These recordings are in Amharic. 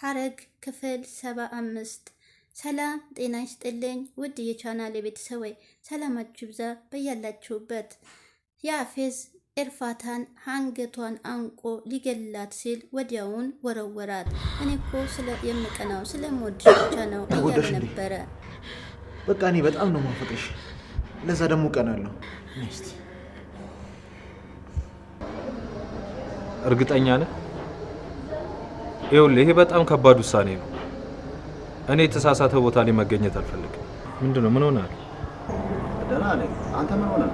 ሐረግ ክፍል ሰባ አምስት ሰላም ጤና ይስጥልኝ ውድ የቻናል የቤተሰብ ሰላማችሁ ይብዛ በያላችሁበት። የአፌዝ ኤርፋታን አንገቷን አንቆ ሊገላት ሲል ወዲያውን ወረወራት። እኔ እኮ የምቀናው ስለምወድሽ ብቻ ነው እያለ ነበረ። በቃ እኔ በጣም ነው ማፈቅሽ፣ ለዛ ደግሞ እቀናለሁ። እርግጠኛ ነህ? ይኸውልህ ይሄ በጣም ከባድ ውሳኔ ነው። እኔ የተሳሳተ ቦታ ላይ መገኘት አልፈልግም። ምንድን ነው? ምን ሆነሃል? ደህና ነኝ። አንተ ምን ሆነ?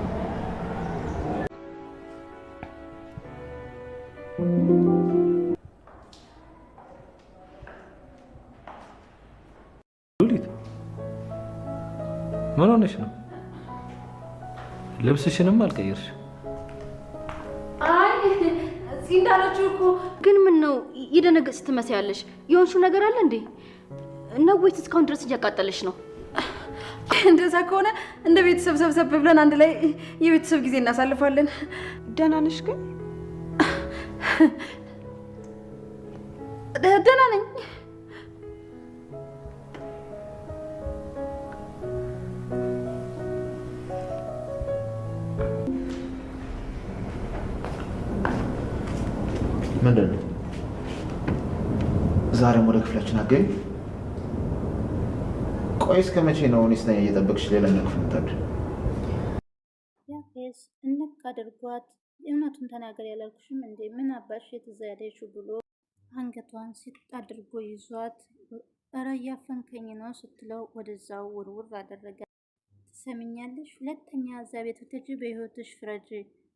ሉሊት ምን ሆነሽ ነው? ልብስሽንም አልቀየርሽ። አይ እንዳለችው እኮ ግን ምን ነው የደነገጥሽ ትመስያለሽ። የሆንሽው ነገር አለ እንዴ? ነው ወይስ እስካሁን ድረስ እያቃጠለሽ ነው? እንደዛ ከሆነ እንደ ቤተሰብ ሰብሰብ ብለን አንድ ላይ የቤተሰብ ጊዜ እናሳልፋለን። ደህና ነሽ ግን? ደህና ነኝ። ነበረችና ግን ቆይ እስከ መቼ ነው እኔ እየጠበቅሽ ሌላኛው ክፍል ያፌስ እንቅ አድርጓት እውነቱን ተናገር ያላልኩሽም እንዴ ምን አባሽ የተዘያደሹ ብሎ አንገቷን ሲጥ አድርጎ ይዟት እረ እያፈንከኝ ነው ስትለው ወደዛው ውርውር አደረገ ትሰሚኛለሽ ሁለተኛ እዛ ቤት ብትሄጂ በህይወትሽ ፍረጅ።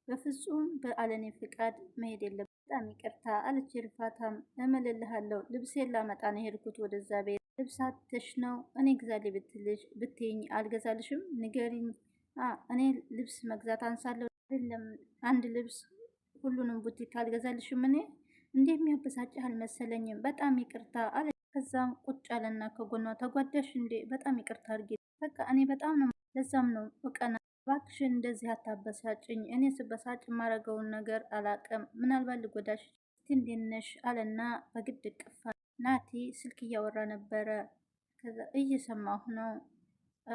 በፍጹም በአለኔ ፍቃድ መሄድ የለም በጣም ይቅርታ አለች ርፋታም። እምልልሃለሁ ልብሴን ላመጣ ነው የሄድኩት ወደዛ ቤት። ልብሳትሽ ነው እኔ ግዛሌ ብትልሽ ብትይኝ አልገዛልሽም ንገሪኝ። እኔ ልብስ መግዛት አንሳለሁ አይደለም አንድ ልብስ ሁሉንም ቡቲክ አልገዛልሽም። እኔ እንዴ የሚያበሳጭህ አልመሰለኝም። በጣም ይቅርታ አለ። ከዛም ቁጭ አለና ከጎኗ ተጓዳሽ እንዴ በጣም ይቅርታ አድርጌ በቃ እኔ በጣም ነው ለዛም ነው እቀና እባክሽን እንደዚህ አታበሳጭኝ፣ እኔ ስበሳጭ የማረገውን ነገር አላቅም፣ ምናልባት ልጎዳሽ ትንዴነሽ አለና በግድ ቅፋ ናቲ ስልክ እያወራ ነበረ። ከዛ እየሰማሁ ነው፣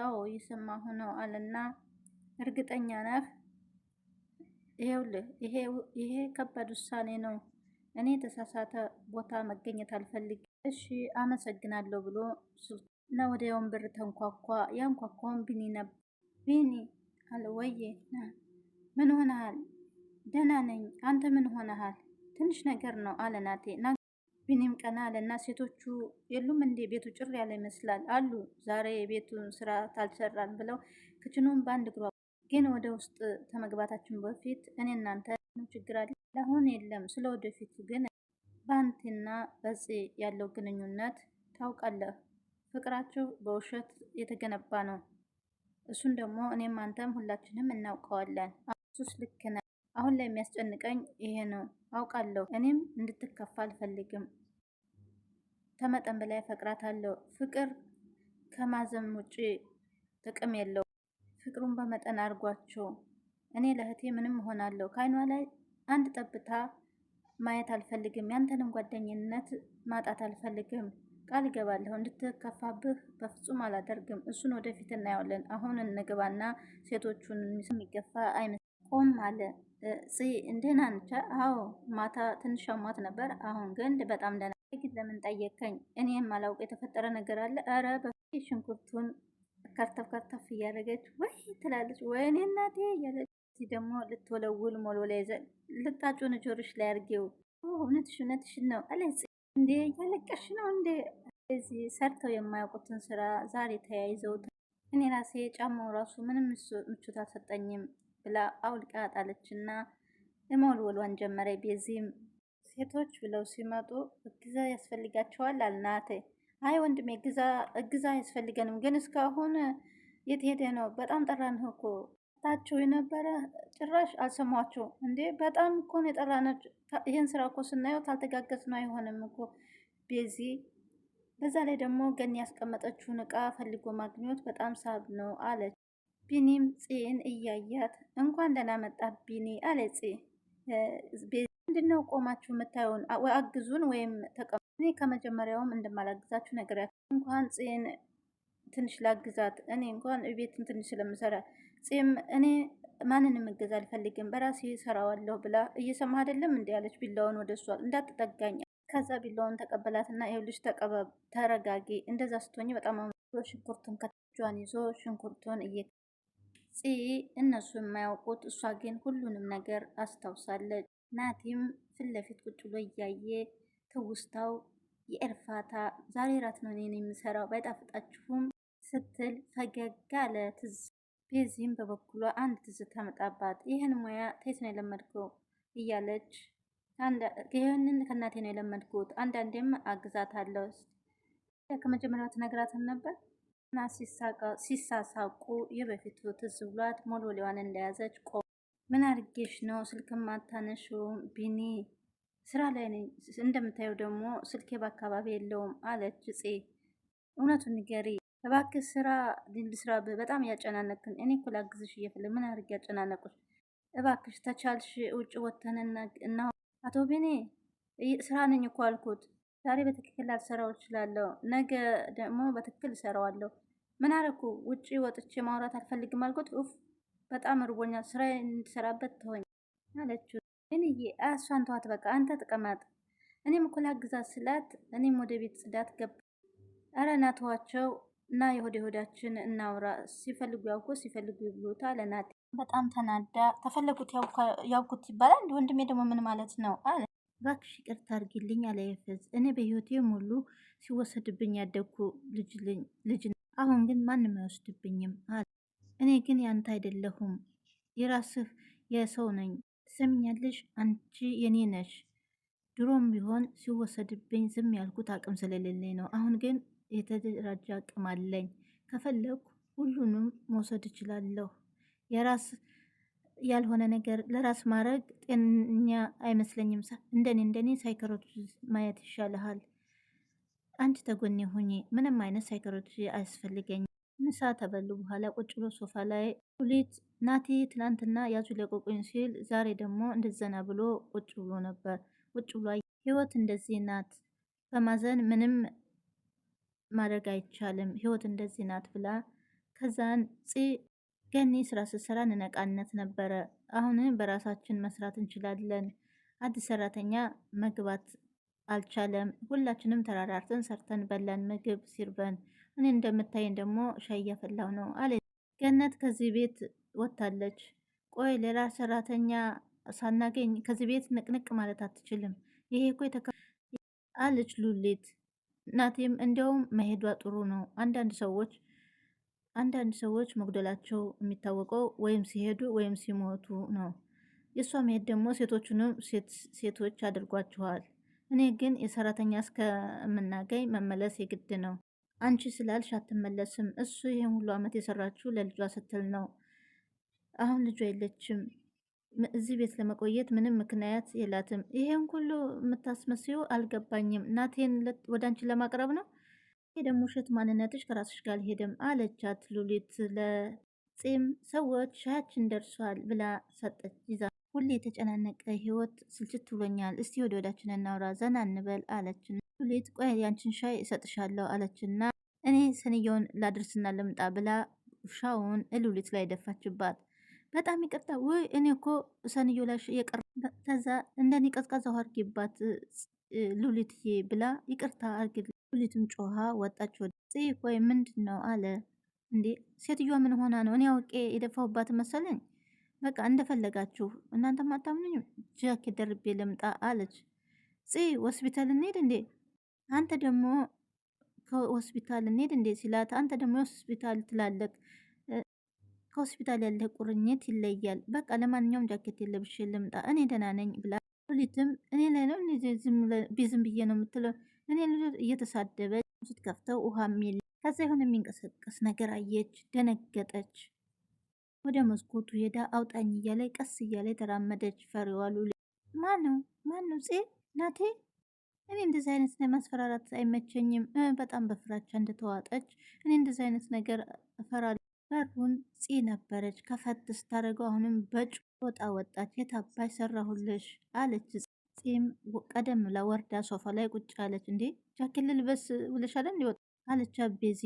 አዎ እየሰማሁ ነው አለና እርግጠኛ ነህ? ይሄውልህ ይሄ ከባድ ውሳኔ ነው። እኔ የተሳሳተ ቦታ መገኘት አልፈልግ። እሺ አመሰግናለሁ ብሎ ስልኩ ነው ወደ ወንበር ተንኳኳ። ያንኳኳውን ቢኒ ነበር ቢኒ ሆነሃል ወይ? ምን ሆነሃል? ደህና ነኝ። አንተ ምን ሆነሃል? ትንሽ ነገር ነው አለ ናቴ። ቢኒም ቀና አለና ሴቶቹ የሉም እንዴ? ቤቱ ጭር ያለ ይመስላል። አሉ ዛሬ የቤቱን ስራ ታልሰራን ብለው ክችኑን በአንድ ግሯ ግን ወደ ውስጥ ከመግባታችን በፊት እኔ እናንተ ችግር አለ ለአሁን የለም። ስለ ወደፊቱ ግን በአንቴና በጽ ያለው ግንኙነት ታውቃለህ፣ ፍቅራቸው በውሸት የተገነባ ነው። እሱን ደግሞ እኔም አንተም ሁላችንም እናውቀዋለን። እሱስ ልክ ነ አሁን ላይ የሚያስጨንቀኝ ይሄ ነው። አውቃለሁ። እኔም እንድትከፋ አልፈልግም። ከመጠን በላይ ፈቅራታለሁ። ፍቅር ከማዘም ውጪ ጥቅም የለው። ፍቅሩን በመጠን አድርጓቸው። እኔ ለእህቴ ምንም እሆናለሁ። ከአይኗ ላይ አንድ ጠብታ ማየት አልፈልግም። ያንተንም ጓደኝነት ማጣት አልፈልግም። ቃል እገባለሁ እንድትከፋብህ በፍጹም አላደርግም። እሱን ወደፊት እናየዋለን። አሁን እንግባና ሴቶቹን የሚገፋ አይነት ቆም አለ ጽ እንደና አንተ አዎ ማታ ትንሽ አሟት ነበር። አሁን ግን በጣም ደህና። ለምን ጠየቀኝ? እኔም አላውቅ የተፈጠረ ነገር አለ። ኧረ በፊት ሽንኩርቱን ከርተፍ ከርተፍ እያደረገች ወይ ትላለች፣ ወይኔ እናቴ እያለች ደግሞ ልትወለውል ሞሎ ላይ ልጣጩን ጆሮሽ ላይ አድርጌው እውነትሽ እውነትሽ ነው አለ። እንዴ እያለቀሽ ነው እንዴ? እዚህ ሰርተው የማያውቁትን ስራ ዛሬ ተያይዘውት እኔ ራሴ ጫማው ራሱ ምንም ምቾት አልሰጠኝም ብላ አውልቃ ጣለች እና ጀመረ። ቤዚም ሴቶች ብለው ሲመጡ እግዛ ያስፈልጋቸዋል አልናት። አይ ወንድሜ እግዛ አያስፈልገንም፣ ግን እስካሁን የት ሄደ ነው? በጣም ጠራንህ እኮ ታችሁ የነበረ ጭራሽ አልሰማችሁ እንዴ? በጣም እኮ ነው የጠላነች። ይህን ስራ እኮ ስናየው ታልተጋገዝ ነው አይሆንም እኮ ቤዚ። በዛ ላይ ደግሞ ገን ያስቀመጠችውን እቃ ፈልጎ ማግኘት በጣም ሳብ ነው አለች። ቢኒም ጽን እያያት እንኳን ደህና መጣ ቢኒ አለ ጽ ምንድነው ቆማችሁ የምታየውን? አግዙን ወይም ተቀም እኔ ከመጀመሪያውም እንደማላግዛችሁ ነገሪያት። እንኳን ጽን ትንሽ ላግዛት እኔ እንኳን ቤትም ትንሽ ስለምሰራ ፂም እኔ ማንንም እገዛ አልፈልግም በራሴ ሰራዋለሁ ብላ እየሰማ አይደለም እንዲ ያለች ቢላውን ወደ እሷ እንዳትጠጋኝ። ከዛ ቢላውን ተቀበላትና ይኸውልሽ ተረጋጊ፣ እንደዛ ስትሆኝ በጣም አምሮ ሽንኩርቱን ከቷን ይዞ ሽንኩርቱን እየ እነሱ የማያውቁት እሷ ግን ሁሉንም ነገር አስታውሳለች። ናቲም ፊት ለፊት ቁጭ ብሎ እያየ ትውስታው የእርፋታ ዛሬ ራት ነው እኔን የምሰራው ባይጣፍጣችሁም ስትል ፈገግ አለ ትዝ ቤዚም በበኩሏ አንድ ትዝታ መጣባት። ይህን ሙያ ከየት ነው የለመድከው እያለች ይህንን ከእናቴ ነው የለመድኩት፣ አንዳንዴም አግዛታለሁ ከመጀመሪያው ትነግራትን ነበር እና ሲሳሳቁ የበፊቱ ትዝ ብሏት ሞሎሊዋን እንደያዘች ቆ ምን አድርጌሽ ነው ስልክም አታነሺውም? ቢኒ ስራ ላይ ነኝ፣ እንደምታየው ደግሞ ስልኬ በአካባቢ የለውም አለች ጽ እውነቱን ንገሪ እባክህ ስራ ስራ በጣም ያጨናነቅን። እኔ እኮ ላግዝሽ እየፈለግ ምን አድርግ ያጨናነቁሽ። እባክሽ ተቻልሽ ውጭ ወተን እና አቶ ቤኔ ስራ ነኝ እኮ አልኩት። ዛሬ በትክክል ላልሰራው እችላለሁ፣ ነገ ደግሞ በትክክል እሰራዋለሁ። ምን አረኩ? ውጭ ወጥቼ ማውራት አልፈልግም አልኩት። ኡፍ በጣም እርቦኛል፣ ስራ እንድሰራበት ተሆኝ አለችው። ቤንዬ እሷን ተዋት በቃ አንተ ተቀመጥ፣ እኔም እኮ ላግዛት ስላት እኔም ወደ ቤት ጽዳት ገባ። አረ ናተዋቸው እና የሆድ የሆዳችን እናውራ ሲፈልጉ ያውኩ ሲፈልጉ ይብሉታ ለናት በጣም ተናዳ ተፈለጉት ያውኩት ይባላል። ወንድሜ ደግሞ ምን ማለት ነው አለ። እባክሽ ይቅርታ አድርጊልኝ አለ የፈዝ እኔ በህይወቴ ሙሉ ሲወሰድብኝ ያደግኩ ልጅ፣ አሁን ግን ማንም አይወስድብኝም አለ። እኔ ግን ያንተ አይደለሁም የራስህ የሰው ነኝ። ትሰሚኛለሽ? አንቺ የኔ ነሽ። ድሮም ቢሆን ሲወሰድብኝ ዝም ያልኩት አቅም ስለሌለኝ ነው። አሁን ግን የተደራጀ አቅም አለኝ። ከፈለግኩ ሁሉንም መውሰድ እችላለሁ። የራስ ያልሆነ ነገር ለራስ ማድረግ ጤነኛ አይመስለኝም። እንደኔ እንደኔ ሳይኮሎጂ ማየት ይሻልሃል። አንቺ ተጎኔ ሁኚ። ምንም አይነት ሳይኮሎጂ አያስፈልገኝም። ምሳ ተበሉ በኋላ ቁጭ ብሎ ሶፋ ላይ ሁሊት ናቲ ትናንትና ያዙ ለቆቁኝ ሲል ዛሬ ደግሞ እንደዘና ብሎ ቁጭ ብሎ ነበር። ቁጭ ብሎ ህይወት እንደዚህ ናት። በማዘን ምንም ማድረግ አይቻልም፣ ህይወት እንደዚህ ናት ብላ ከዛን ፂ ገኒ ስራ ስሰራ ንነቃነት ነበረ። አሁን በራሳችን መስራት እንችላለን። አዲስ ሰራተኛ መግባት አልቻለም። ሁላችንም ተራራርተን ሰርተን በላን ምግብ ሲርበን። እኔ እንደምታየን ደግሞ ሻይ እያፈላው ነው አለ ገነት። ከዚህ ቤት ወጥታለች። ቆይ ሌላ ሰራተኛ ሳናገኝ ከዚህ ቤት ንቅንቅ ማለት አትችልም። ይሄ እኮ አለች ሉሊት ናቲም እንዲያውም መሄዷ ጥሩ ነው። አንዳንድ ሰዎች አንዳንድ ሰዎች መጉደላቸው የሚታወቀው ወይም ሲሄዱ ወይም ሲሞቱ ነው። የእሷ መሄድ ደግሞ ሴቶቹንም ሴቶች አድርጓችኋል። እኔ ግን የሰራተኛ እስከምናገኝ መመለስ የግድ ነው። አንቺ ስላልሽ አትመለስም። እሱ ይህን ሁሉ ዓመት የሰራችው ለልጇ ስትል ነው። አሁን ልጇ የለችም። እዚህ ቤት ለመቆየት ምንም ምክንያት የላትም። ይሄን ሁሉ የምታስመስዩ አልገባኝም። ናቴን ወደ አንቺ ለማቅረብ ነው። ይሄ ደግሞ ውሸት ማንነትሽ ከራስሽ ጋር አልሄደም አለቻት ሉሊት። ለፂም ሰዎች ሻያችን ደርሷል ብላ ሰጠች ይዛ ሁሌ የተጨናነቀ ህይወት ስልችት ብሎኛል። እስቲ ወደ ወዳችን እናውራ፣ ዘና እንበል አለችን። ሉሊት ቆይ ያንችን ሻይ እሰጥሻለሁ አለችና እኔ ስንየውን ላድርስና ልምጣ ብላ ሻውን ሉሊት ላይ ደፋችባት። በጣም ይቅርታ ወይ እኔ እኮ ሰንዮ ላሽ የቀር ከዛ እንደኔ ቀዝቃዛ አድርጊባት ሉሊትዬ ብላ ይቅርታ አድርጊ። ሉሊትም ጮሃ ወጣች። ወደ ቆይ ምንድን ነው አለ። እንዴ ሴትዮዋ ምን ሆና ነው? እኔ አውቄ የደፋሁባት መሰለኝ። በቃ እንደፈለጋችሁ እናንተ ማታምኑኝ ጃኬት ደርቤ ልምጣ አለች። ጽ ሆስፒታል እንሄድ እንዴ አንተ ደግሞ ከሆስፒታል እንሄድ እንዴ ሲላት፣ አንተ ደግሞ ሆስፒታል ትላለክ ከሆስፒታል ያለ ቁርኝት ይለያል። በቃ ለማንኛውም ጃኬት የለብሽ ልምጣ፣ እኔ ደህና ነኝ ብላ ሉሊትም እኔ ላይ ነው ቢዝም ብዬ ነው የምትለው እኔ ልጆች እየተሳደበ ስትከፍተው ውሃ ሚል ከዛ የሆነ የሚንቀሳቀስ ነገር አየች፣ ደነገጠች። ወደ መስኮቱ ሄዳ አውጣኝ እያለ ቀስ እያለ ተራመደች። ፈሪዋ ሉሊት ማነው ማነው? ፄ ናቴ እኔ እንደዚህ አይነት ማስፈራራት አይመቸኝም። በጣም በፍራቻ እንደተዋጠች እኔ እንደዚህ አይነት ነገር ፈራ በሩን ፂ ነበረች ከፈት ስታደርገው አሁንም በጭ ወጣ ወጣች። የታባሽ ሰራሁልሽ አለች። ፂም ቀደም ብላ ወርዳ ሶፋ ላይ ቁጭ አለች። እንዴ ጃኬት ልልበስ ብለሽ እንዲወጣ አለች ቤዚ።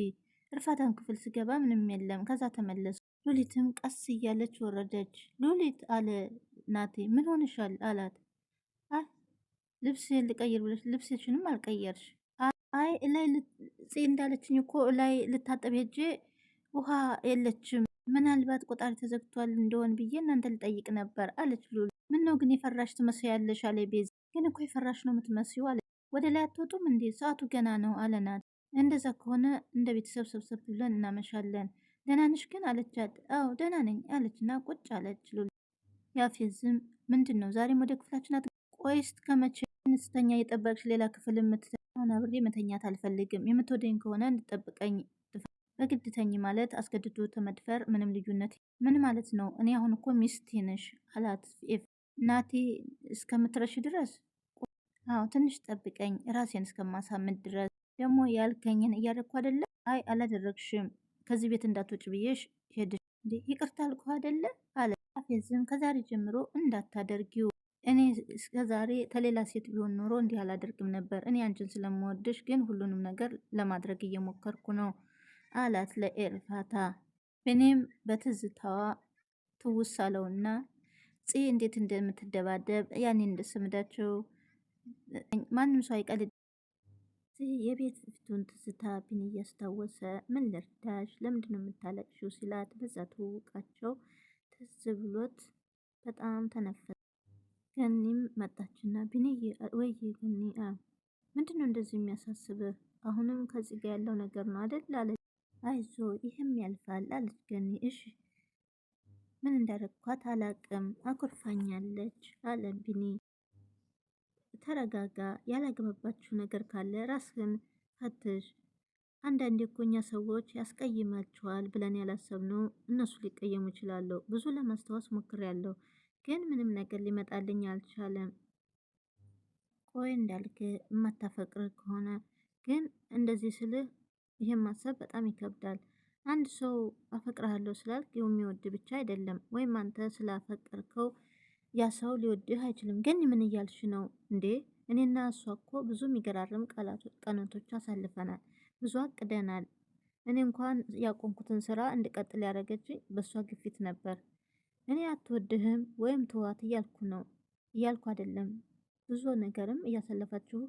እርፋታን ክፍል ስገባ ምንም የለም። ከዛ ተመለሱ። ሉሊትም ቀስ እያለች ወረደች። ሉሊት አለ ናቴ ምን ሆንሻል አላት። አይ ልብስ ልቀይር ብለሽ ልብስሽንም አልቀየርሽ። አይ ላይ ፂ እንዳለችኝ እኮ ላይ ልታጠብ ሄጄ ውሃ የለችም፣ ምናልባት ቆጣሪ ተዘግቷል እንደሆን ብዬ እናንተ ልጠይቅ ነበር አለች ሉል። ምነው ግን የፈራሽ ትመስያለሽ አለ ቤዝ። ግን እኮ የፈራሽ ነው የምትመስዩ አለ። ወደ ላይ አትወጡም እንዴ? ሰዓቱ ገና ነው አለናት። እንደዛ ከሆነ እንደ ቤተሰብ ሰብሰብ ብለን እናመሻለን። ደህና ነሽ ግን አለቻት። አዎ ደህና ነኝ አለችና ቁጭ አለች ሉል። ያፌዝም ምንድን ነው ዛሬም ወደ ክፍላችን አት ቆይስት ከመቼ እንስተኛ የጠበቅሽ ሌላ ክፍል የምትተሆን አብሬ መተኛት አልፈልግም። የምትወደኝ ከሆነ እንድጠብቀኝ በግድተኝ ማለት አስገድዶ ተመድፈር ምንም ልዩነት ምን ማለት ነው? እኔ አሁን እኮ ሚስቴ ነሽ አላት ናቴ። እስከምትረሽ ድረስ አዎ፣ ትንሽ ጠብቀኝ ራሴን እስከማሳምድ ድረስ። ደግሞ ያልከኝን እያደረግኩ አደለ? አይ አላደረግሽም። ከዚህ ቤት እንዳትወጭ ብዬሽ ሄድሽ። ይቅርታ አልኩህ አደለ? አለ አፌዝም። ከዛሬ ጀምሮ እንዳታደርጊው። እኔ እስከዛሬ ከሌላ ሴት ቢሆን ኖሮ እንዲህ አላደርግም ነበር። እኔ አንቺን ስለምወድሽ ግን ሁሉንም ነገር ለማድረግ እየሞከርኩ ነው አላት ለኤርፋታ። እኔም በትዝታዋ ትውስ አለውና ጽ እንዴት እንደምትደባደብ ያኔ እንደሰምዳቸው ማንም ሰው አይቀልድ። የቤት ፊቱን ትዝታ ቢን እያስታወሰ ምን ልርዳሽ፣ ለምንድን ነው የምታለቅሽው ሲላት በዛ ትውውቃቸው ትዝ ብሎት በጣም ተነፈሰ። ገኒም መጣችና ቢንዬ ወይ ገኒ ምንድን ነው እንደዚህ የሚያሳስብህ? አሁንም ከዚህ ጋር ያለው ነገር ነው አደል አለች። አይዞ ይህም ያልፋል አለች ገኒ። እሺ ምን እንዳረግኳት አላቅም፣ አኩርፋኛለች አለ ቢኒ። ተረጋጋ፣ ያላገባባችሁ ነገር ካለ ራስህን ፈትሽ። አንዳንዴ እኮ እኛ ሰዎች ያስቀይማችኋል ብለን ያላሰብነው እነሱ ሊቀየሙ ይችላሉ። ብዙ ለማስታወስ ሞክሬያለሁ፣ ግን ምንም ነገር ሊመጣልኝ አልቻለም። ቆይ እንዳልክ የማታፈቅር ከሆነ ግን እንደዚህ ስልህ ይህም ማሰብ በጣም ይከብዳል። አንድ ሰው አፈቅርሃለሁ ስላልክ የሚወድ ብቻ አይደለም ወይም አንተ ስላፈቀርከው ያ ሰው ሊወድህ አይችልም። ግን ምን እያልሽ ነው እንዴ? እኔና እሷ እኮ ብዙ የሚገራርም ቀናቶች አሳልፈናል። ብዙ አቅደናል። እኔ እንኳን ያቆምኩትን ስራ እንድቀጥል ያደረገችኝ በእሷ ግፊት ነበር። እኔ አትወድህም ወይም ተዋት እያልኩ ነው እያልኩ አይደለም። ብዙ ነገርም እያሳለፋችሁ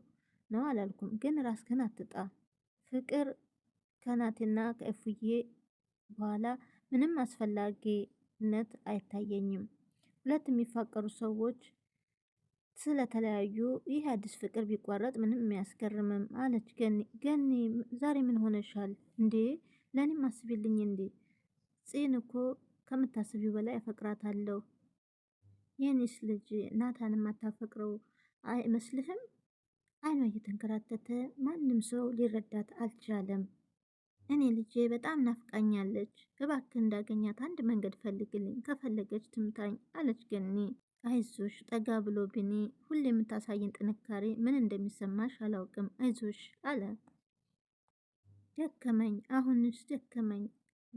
ነው አላልኩም። ግን ራስህን አትጣ። ፍቅር ከናትና ከእፉዬ በኋላ ምንም አስፈላጊነት አይታየኝም። ሁለት የሚፋቀሩ ሰዎች ስለተለያዩ ይህ አዲስ ፍቅር ቢቋረጥ ምንም የሚያስገርምም አለች ገኒ። ገኒ ዛሬ ምን ሆነሻል እንዴ? ለእኔም አስቢልኝ እንዴ? ጽን እኮ ከምታስቢው በላይ አፈቅራታለሁ። የኒስ ልጅ ናታን የማታፈቅረው አይመስልህም? አይኗ እየተንከራተተ ማንም ሰው ሊረዳት አልቻለም። እኔ ልጄ በጣም ናፍቃኛለች፣ እባክህ እንዳገኛት አንድ መንገድ ፈልግልኝ፣ ከፈለገች ትምታኝ አለች ገኒ። አይዞሽ ጠጋ ብሎ ቢኒ፣ ሁሌ የምታሳየን ጥንካሬ ምን እንደሚሰማሽ አላውቅም፣ አይዞሽ አለ። ደከመኝ፣ አሁንስ ደከመኝ፣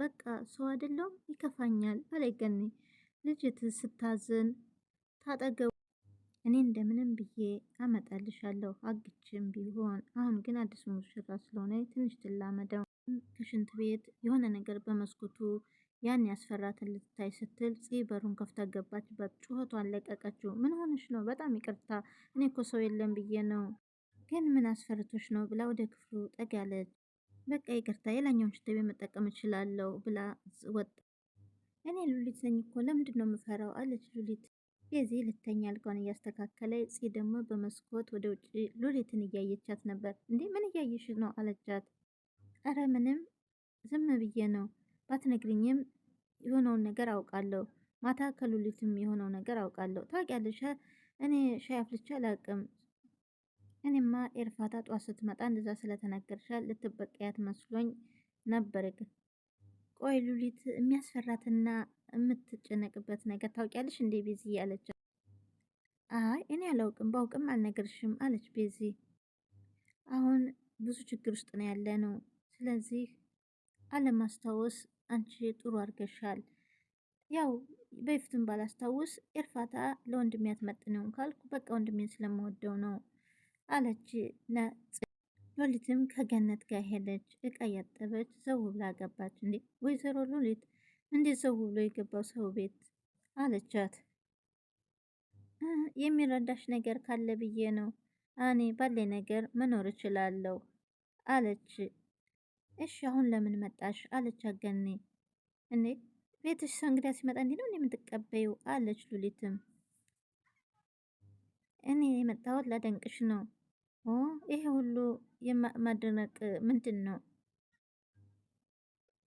በቃ ሰው አይደለሁም ይከፋኛል አለ ገኒ። ልጅት ስታዝን ታጠገቡ እኔ እንደምንም ብዬ አመጣልሻለሁ አግችም ቢሆን። አሁን ግን አዲስ ሙሽራ ስለሆነ ትንሽ ትላመደው። ከሽንት ቤት የሆነ ነገር በመስኮቱ ያን ያስፈራትን ልትታይ ስትል ፂ በሩን ከፍታ ገባችበት። ጩኸቷን ለቀቀችው። ምን ሆነሽ ነው? በጣም ይቅርታ፣ እኔ እኮ ሰው የለም ብዬ ነው። ግን ምን አስፈርቶች ነው ብላ ወደ ክፍሉ ጠግ ያለች። በቃ ይቅርታ፣ የላኛውን ሽንት ቤት መጠቀም እችላለሁ ብላ ወጥ። እኔ ሉሊት ነኝ እኮ ለምንድን ነው የምፈራው? አለች ሉሊት የዚህ ልተኛ አልጋውን እያስተካከለ ፂ ደግሞ በመስኮት ወደ ውጭ ሉሊትን እያየቻት ነበር። እንዴ ምን እያየሽ ነው? አለቻት እረ ምንም ዝም ብዬ ነው። ባትነግሪኝም የሆነውን ነገር አውቃለሁ። ማታ ከሉሊትም የሆነው ነገር አውቃለሁ። ታውቂያለሽ፣ እኔ ሻይ አፍልቼ አላቅም። እኔማ ኤርፋታ ጧት ስትመጣ እንደዛ ስለተነገር ልትበቀያት መስሎኝ ነበር። ግን ቆይ ሉሊት የሚያስፈራትና የምትጨነቅበት ነገር ታውቂያለሽ እንዴ ቤዚ አለች። አይ እኔ አላውቅም፣ ባውቅም አልነገርሽም አለች ቤዚ። አሁን ብዙ ችግር ውስጥ ነው ያለ ነው ስለዚህ አለማስታወስ አንቺ ጥሩ አድርገሻል። ያው በፊትም ባላስታውስ እርፋታ ለወንድሜ አትመጥነውም ካልኩ በቃ ወንድሜን ስለምወደው ነው አለች። ሎሊትም ከገነት ጋር ሄደች፣ እቃ እያጠበች ዘው ብላ ገባች። እንዴ ወይዘሮ ሎሊት እንዴት ዘው ብሎ የገባው ሰው ቤት አለቻት። የሚረዳሽ ነገር ካለ ብዬ ነው እኔ ባለኝ ነገር መኖር እችላለሁ አለች። እሺ አሁን ለምን መጣሽ? አለች አገኔ። እኔ ቤትሽ ሰው እንግዳ ሲመጣ እንዲህ ነው የምትቀበይው? አለች ሉሊትም። እኔ የመጣሁት ላደንቅሽ ነው። ኦ ይሄ ሁሉ የማድነቅ ምንድን ነው?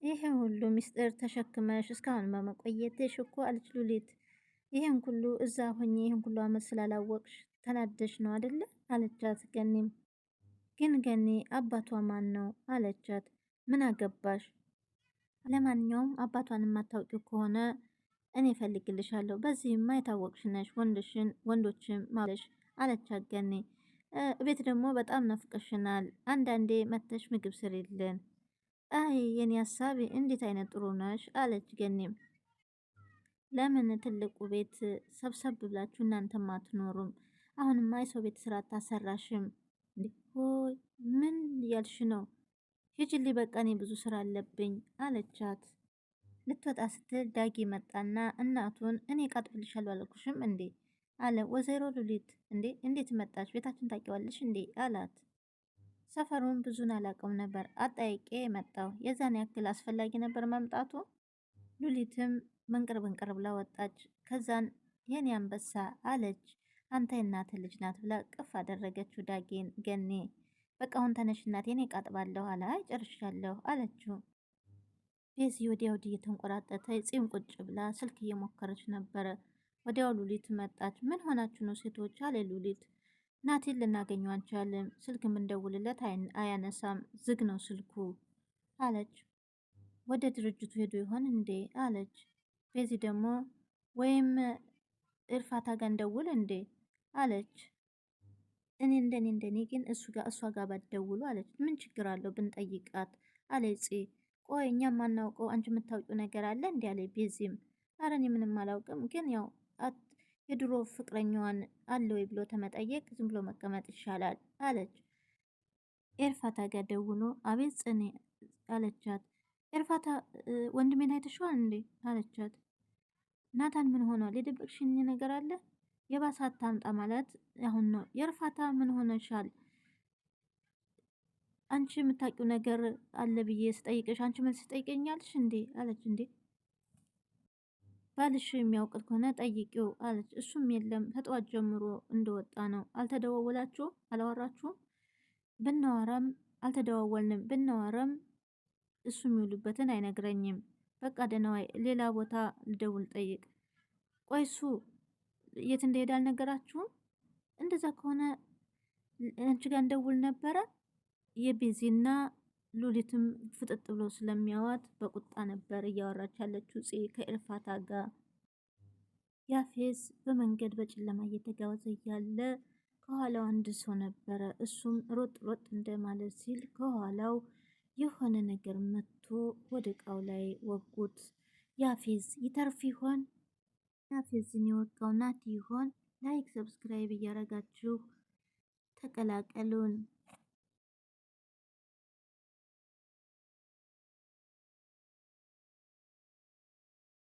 ይሄ ሁሉ ምስጢር ተሸክመሽ እስካሁን በመቆየትሽ እኮ አለች ሉሊት። ይሄን ሁሉ እዛ ሆኜ ይሄን ሁሉ አመት ስላላወቅሽ ተናደሽ ነው አይደለ? አለቻት ገኔም። ግን ገኔ አባቷ ማን ነው? አለቻት ምን አገባሽ? ለማንኛውም አባቷን የማታውቂው ከሆነ እኔ እፈልግልሻለሁ። በዚህማ የታወቅሽ ነሽ፣ ወንዶችን ወንዶችን ማለሽ አለቻት ገኒ። ቤት ደግሞ በጣም ነፍቀሽናል አንዳንዴ መተሽ ምግብ ስሪልን። አይ የኔ ሀሳቢ እንዴት አይነት ጥሩ ነሽ አለች ገኒም። ለምን ትልቁ ቤት ሰብሰብ ብላችሁ እናንተም አትኖሩም? አሁንማ የሰው ቤት ስራ አታሰራሽም? ሆይ ምን እያልሽ ነው? ሂጅሊ በቃ እኔ ብዙ ስራ አለብኝ አለቻት። ልትወጣ ስትል ዳጊ መጣና እናቱን እኔ ቃጥብልሻል ባለኩሽም እንዴ አለ። ወይዘሮ ሉሊት እንዴ እንዴት መጣች? ቤታችን ታውቂዋለሽ እንዴ አላት። ሰፈሩን ብዙን አላውቀውም ነበር አጠያቄ መጣው። የዛን ያክል አስፈላጊ ነበር መምጣቱ። ሉሊትም መንቅርብ እንቅርብ ብላ ወጣች። ከዛን የኔ አንበሳ አለች። አንተ የእናትህ ልጅ ናት ብላ ቅፍ አደረገችው ዳጌን ገኔ በቃ አሁን ተነሽ እናቴን እቃጥባለሁ አለ። አይ ጨርሻለሁ አለችው። ቤዚ ወዲያ ወዲህ እየተንቆራጠተ ጽም ቁጭ ብላ ስልክ እየሞከረች ነበረ። ወዲያው ሉሊት መጣች። ምን ሆናችሁ ነው ሴቶች አለ ሉሊት። እናቴን ልናገኘው አንችልም፣ ስልክ የምንደውልለት አያነሳም፣ ዝግ ነው ስልኩ አለች። ወደ ድርጅቱ ሄዶ ይሆን እንዴ አለች። ቤዚ ደግሞ ወይም እርፋታ ጋር እንደውል እንዴ አለች። እኔ እንደኔ እንደኔ ግን እሱ ጋር እሷ ጋር ባትደውሉ አለች። ምን ችግር አለው ብንጠይቃት አለ ጽ ቆይ እኛ ማናውቀው አንቺ የምታውቂው ነገር አለ እንዲ አለ ቤዚም አረ እኔ ምንም አላውቅም፣ ግን ያው የድሮ ፍቅረኛዋን አለ ወይ ብሎ ተመጠየቅ ዝም ብሎ መቀመጥ ይሻላል አለች። ኤርፋታ ጋር ደውሎ አቤት ጽኔ አለቻት። ኤርፋታ ወንድሜን አይተሽዋል እንዴ አለቻት። ናታን ምን ሆኗል? የደበቅሽኝ ነገር አለ የባሰ አታምጣ ማለት አሁን ነው። የእርፋታ ምን ሆነሻል? አንቺ የምታውቂው ነገር አለ ብዬ ስጠይቅሽ አንቺ መልስ ትጠይቀኛለሽ እንዴ አለች። እንዴ ባልሽ የሚያውቅ ከሆነ ጠይቂው አለች። እሱም የለም ከጠዋት ጀምሮ እንደወጣ ነው። አልተደዋወላችሁም? አላወራችሁም? ብናወራም አልተደዋወልንም። ብናወራም እሱ የሚውሉበትን አይነግረኝም። በቃ ደህና ዋይ፣ ሌላ ቦታ ልደውል ጠይቅ። ቆይሱ። የት እንደሄደ አልነገራችሁም? እንደዛ ከሆነ አንቺ ጋር እንደውል ነበረ። የቤዚና ሉሊትም ፍጥጥ ብሎ ስለሚያዋት በቁጣ ነበር እያወራች ያለችው ጽ ከኤርፋታ ጋር ያፌዝ በመንገድ በጨለማ እየተጓዘ እያለ ከኋላው አንድ ሰው ነበረ። እሱም ሮጥ ሮጥ እንደማለት ሲል ከኋላው የሆነ ነገር መጥቶ ወደ እቃው ላይ ወጉት። ያፌዝ ይተርፍ ይሆን? ናት የዚህን ናት ይሆን ላይክ ሰብስክራይብ እያረጋችሁ ተቀላቀሉን።